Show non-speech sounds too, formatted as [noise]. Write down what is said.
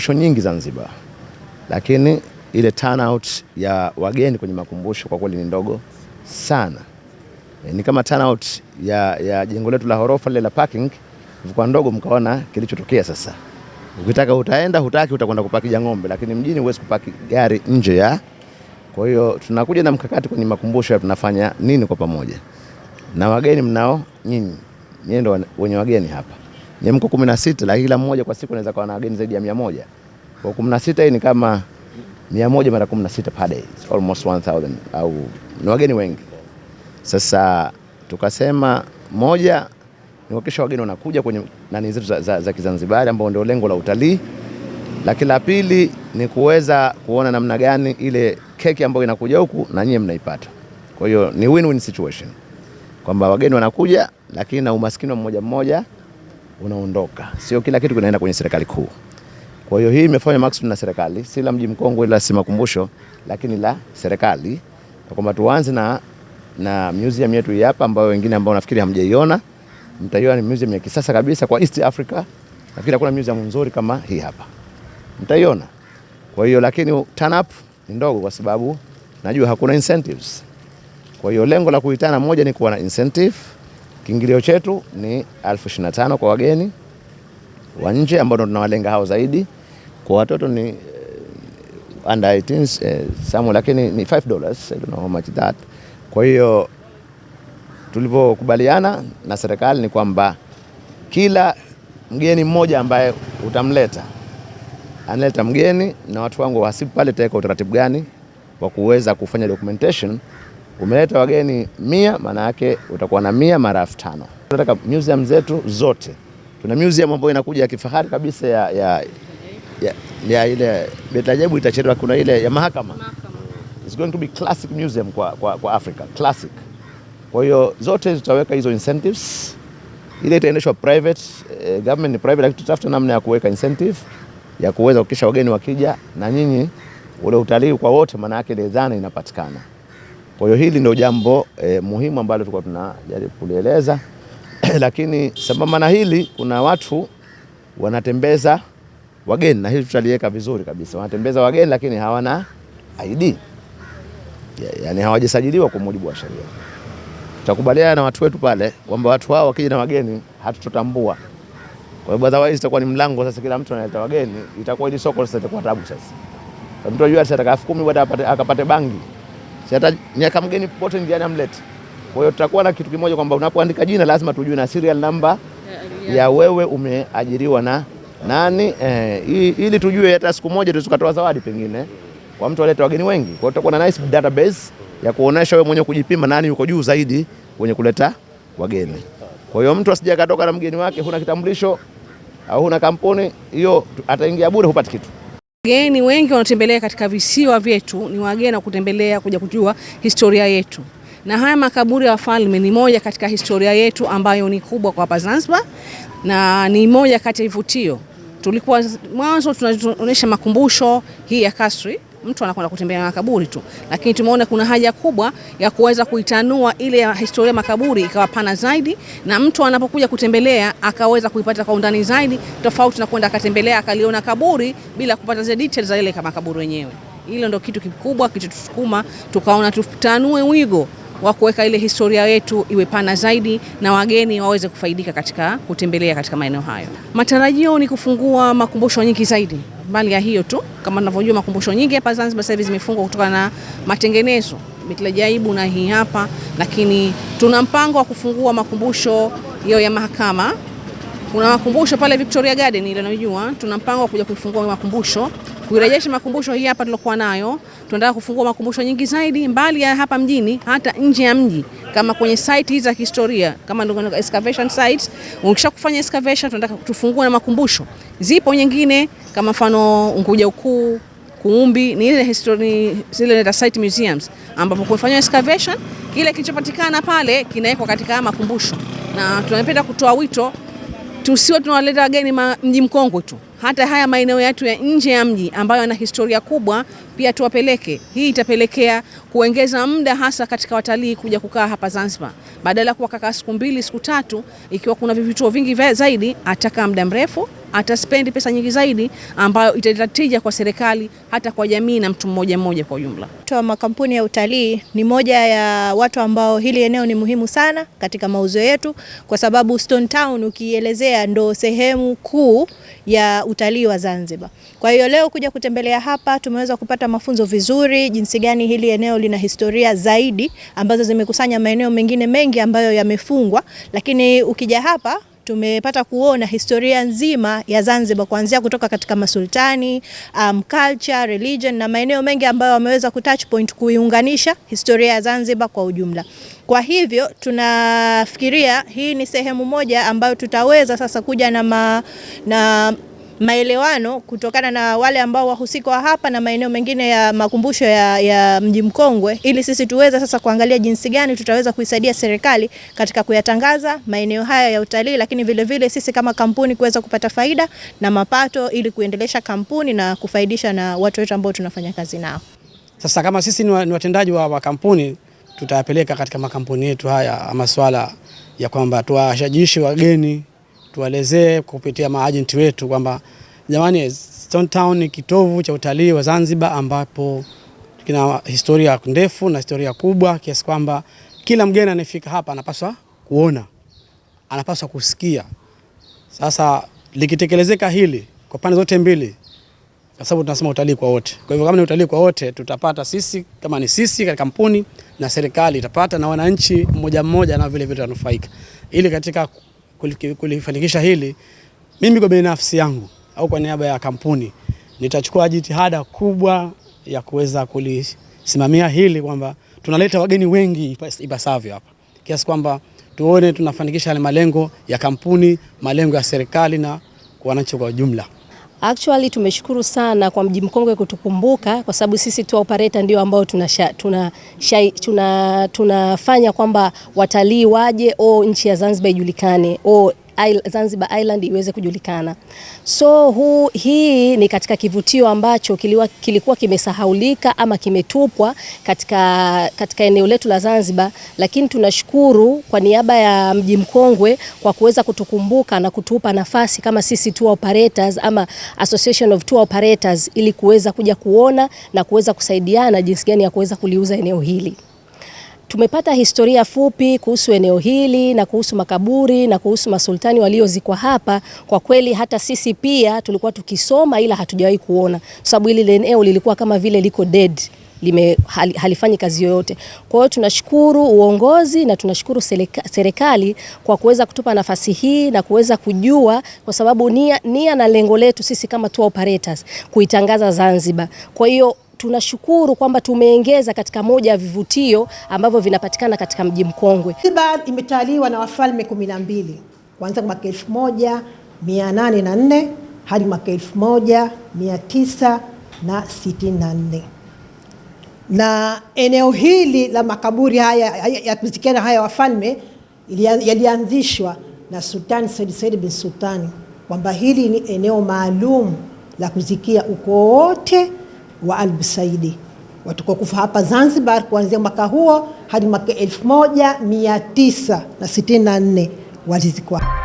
show nyingi Zanzibar, lakini ile turnout ya wageni kwenye makumbusho kwa kweli ni ndogo sana. E, ni kama turnout ya, ya jengo letu la horofa lile la parking ilikuwa ndogo, mkaona kilichotokea sasa. Ukitaka utaenda, hutaki utakwenda kupakia ng'ombe, lakini mjini huwezi kupaki gari nje ya. Kwa hiyo tunakuja na mkakati kwenye makumbusho, tunafanya nini kwa pamoja na wageni mnao nyinyi, nyie ndio wenye wageni hapa. Ni mko 16 lakini kila mmoja kwa siku anaweza kuwa na wageni zaidi ya 100. Kwa 16 hii ni kama 100 mara 16 per day, almost 1000 au ni wageni wengi. Sasa tukasema moja ni kuhakikisha wageni wanakuja kwenye nani zetu za, za, za Kizanzibari ambao ndio lengo la utalii, lakini la pili ni kuweza kuona namna gani ile keki ambayo inakuja huku na nyie mnaipata. Kwa hiyo ni win-win situation kwamba wageni wanakuja, lakini na umaskini wa mmoja mmoja unaondoka. Sio kila kitu kinaenda kwenye serikali kuu. Kwa hiyo hii imefanya maximum na serikali, si la mji mkongwe ila si makumbusho, lakini la serikali kwamba tuanze na na museum yetu hapa, ambayo wengine ambao nafikiri hamjaiona mtaiona. Ni museum ya kisasa kabisa kwa East Africa. Nafikiri hakuna museum nzuri kama hii hapa, mtaiona. Kwa hiyo lakini turn up ni ndogo, kwa sababu najua hakuna incentives. Kwa hiyo lengo la kuitana moja ni kuwa na incentive Kiingilio chetu ni elfu ishirini na tano kwa wageni wa nje ambao tunawalenga hao zaidi. Kwa watoto ni uh, under 18 uh, samu lakini ni 5 dollars, I don't know how much that. Kwa hiyo tulivyokubaliana na serikali ni kwamba kila mgeni mmoja ambaye utamleta analeta mgeni na watu wangu wahasibu pale, tutaweka utaratibu gani wa kuweza kufanya documentation Umeleta wageni mia, maana yake utakuwa na mia mara elfu tano. Tunataka museum zetu zote, tuna museum ambayo inakuja ya kifahari kabisa ya, ya, ya, ya ile Betajebu itachetwa, Kuna ile ya mahakama, it's going to be classic museum kwa, kwa, kwa Africa classic. Kwa hiyo zote tutaweka hizo incentives, ile itaendeshwa private eh, government ni private, lakini tutafuta namna ya kuweka incentive ya kuweza kukisha wageni wakija, na nyinyi ule utalii kwa wote, maana yake ile dhana inapatikana. Kwa hiyo hili ndio jambo eh, muhimu ambalo tulikuwa tunajaribu kulieleza [clears throat] lakini sambamba na hili kuna watu wanatembeza wageni, na hili tutaliweka vizuri kabisa. Wanatembeza wageni lakini hawana ID, yaani hawajasajiliwa kwa mujibu wa sheria. Tutakubaliana na watu wetu pale kwamba watu hao wakija na wageni hatutotambua, kwa hiyo otherwise itakuwa ni mlango sasa, kila mtu analeta wageni, itakuwa ili soko sasa, itakuwa tabu sasa. Mtu ajua sasa atakafu 10 baada akapate bangi si hata miaka mgeni pote njiani amlete. Kwa hiyo tutakuwa na kitu kimoja kwamba unapoandika jina lazima tujue na serial number ya wewe umeajiriwa na nani eh, ili tujue hata siku moja kutoa zawadi pengine kwa mtu aleta wageni wengi. Kwa hiyo tutakuwa na nice database ya kuonesha wewe mwenyewe kujipima nani yuko juu zaidi kwenye kuleta wageni. Kwa hiyo mtu asije akatoka na mgeni wake, huna kitambulisho au huna kampuni, hiyo ataingia bure, hupati kitu. Wageni wengi wanaotembelea katika visiwa vyetu ni wageni wa kutembelea kuja kujua historia yetu, na haya makaburi ya wafalme ni moja katika historia yetu ambayo ni kubwa kwa hapa Zanzibar, na ni moja kati ya vivutio. Tulikuwa mwanzo tunaonyesha makumbusho hii ya kasri mtu anakwenda kutembea makaburi tu, lakini tumeona kuna haja kubwa ya kuweza kuitanua ile ya historia makaburi ikawa pana zaidi, na mtu anapokuja kutembelea akaweza kuipata kwa undani zaidi, tofauti na kwenda akatembelea akaliona kaburi bila kupata zile details za ile kama kaburi wenyewe. Hilo ndio kitu kikubwa kilichotusukuma tukaona tutanue wigo wa kuweka ile historia yetu iwe pana zaidi na wageni waweze kufaidika katika kutembelea katika maeneo hayo. Matarajio ni kufungua makumbusho nyingi zaidi. Mbali ya hiyo tu, kama tunavyojua makumbusho nyingi hapa Zanzibar sasa hivi zimefungwa kutokana na matengenezo mitlajaibu na hii hapa, lakini tuna mpango wa kufungua makumbusho hiyo ya mahakama. Kuna makumbusho pale Victoria Garden ile unayojua, tuna mpango wa kuja kufungua makumbusho kuirejesha makumbusho hii hapa tulokuwa nayo. Tunataka kufungua makumbusho nyingi zaidi mbali ya hapa mjini, hata nje ya mji, kama kwenye site hizi za kihistoria kama ndio excavation sites. Ukishakufanya excavation, tunataka tufungue na makumbusho. Zipo nyingine kama mfano Unguja Ukuu Kuumbi ni ile history zile ni site museums ambapo kufanya excavation kile kilichopatikana pale kinawekwa katika makumbusho, na tunapenda kutoa wito tusiwe tunawaleta wageni mji mkongwe tu hata haya maeneo yetu ya nje ya mji ambayo yana historia kubwa pia tuwapeleke. Hii itapelekea kuongeza muda hasa katika watalii kuja kukaa hapa Zanzibar, badala ya kuwa siku mbili siku tatu. Ikiwa kuna vivutio vingi zaidi, atakaa muda mrefu ataspendi pesa nyingi zaidi ambayo italeta tija kwa serikali hata kwa jamii na mtu mmoja mmoja kwa ujumla. Toa makampuni ya utalii ni moja ya watu ambao hili eneo ni muhimu sana katika mauzo yetu, kwa sababu Stone Town ukielezea ndo sehemu kuu ya utalii wa Zanzibar. Kwa hiyo leo kuja kutembelea hapa tumeweza kupata mafunzo vizuri jinsi gani hili eneo lina historia zaidi ambazo zimekusanya maeneo mengine mengi ambayo yamefungwa, lakini ukija hapa tumepata kuona historia nzima ya Zanzibar kuanzia kutoka katika masultani, um, culture, religion na maeneo mengi ambayo wameweza kutouch point kuiunganisha historia ya Zanzibar kwa ujumla. Kwa hivyo tunafikiria hii ni sehemu moja ambayo tutaweza sasa kuja na, ma, na maelewano kutokana na wale ambao wahusika wa hapa na maeneo mengine ya makumbusho ya, ya mji mkongwe, ili sisi tuweze sasa kuangalia jinsi gani tutaweza kuisaidia serikali katika kuyatangaza maeneo haya ya utalii, lakini vilevile vile sisi kama kampuni kuweza kupata faida na mapato ili kuendelesha kampuni na kufaidisha na watu wetu ambao tunafanya kazi nao. Sasa kama sisi ni watendaji wa kampuni, tutayapeleka katika makampuni yetu haya masuala ya kwamba tuwashajishi wageni tuwaelezee kupitia maajenti wetu kwamba jamani, Stone Town ni kitovu cha utalii wa Zanzibar ambapo kina historia ndefu na historia kubwa kiasi kwamba kila mgeni anayefika hapa anapaswa kuona, anapaswa kusikia. Sasa likitekelezeka hili kwa pande zote mbili, kwa sababu tunasema utalii kwa wote. Kwa hivyo kama ni utalii kwa wote, tutapata sisi kama ni sisi katika kampuni na serikali itapata na wananchi mmoja mmoja, na vile vile tanufaika ili katika kulifanikisha hili, mimi kwa binafsi yangu au kwa niaba ya kampuni nitachukua jitihada kubwa ya kuweza kulisimamia hili kwamba tunaleta wageni wengi ipasavyo hapa kiasi kwamba tuone tunafanikisha yale malengo ya kampuni, malengo ya serikali na wananchi kwa ujumla. Actually tumeshukuru sana kwa Mji Mkongwe kutukumbuka kwa sababu sisi tu operator ndio ambao tunafanya tuna, tuna, tuna kwamba watalii waje o oh, nchi ya Zanzibar ijulikane o oh, Zanzibar Island iweze kujulikana. So hu, hii ni katika kivutio ambacho kiliwa, kilikuwa kimesahaulika ama kimetupwa katika, katika eneo letu la Zanzibar, lakini tunashukuru kwa niaba ya mji mkongwe kwa kuweza kutukumbuka na kutupa nafasi kama sisi tour operators ama Association of Tour Operators ili kuweza kuja kuona na kuweza kusaidiana jinsi gani ya kuweza kuliuza eneo hili. Tumepata historia fupi kuhusu eneo hili na kuhusu makaburi na kuhusu masultani waliozikwa hapa. Kwa kweli hata sisi pia tulikuwa tukisoma, ila hatujawahi kuona, sababu hili eneo lilikuwa kama vile liko dead lime halifanyi kazi yoyote. Kwa hiyo tunashukuru uongozi na tunashukuru serikali kwa kuweza kutupa nafasi hii na kuweza kujua, kwa sababu nia, nia na lengo letu sisi kama tour operators kuitangaza Zanzibar. Kwa hiyo tunashukuru kwamba tumeongeza katika moja ya vivutio ambavyo vinapatikana katika mji mkongwe. Zanzibar imetawaliwa na wafalme 12 kuanzia mwaka 1804 hadi mwaka 1964 na eneo hili la makaburi haya ya kuzikiana haya wafalme yalianzishwa na Sultani Said Said bin Sultani kwamba hili ni eneo maalum la kuzikia ukoo wote wa Albisaidi kufa hapa Zanzibar kuanzia mwaka huo hadi mwaka 1964 walizikwa.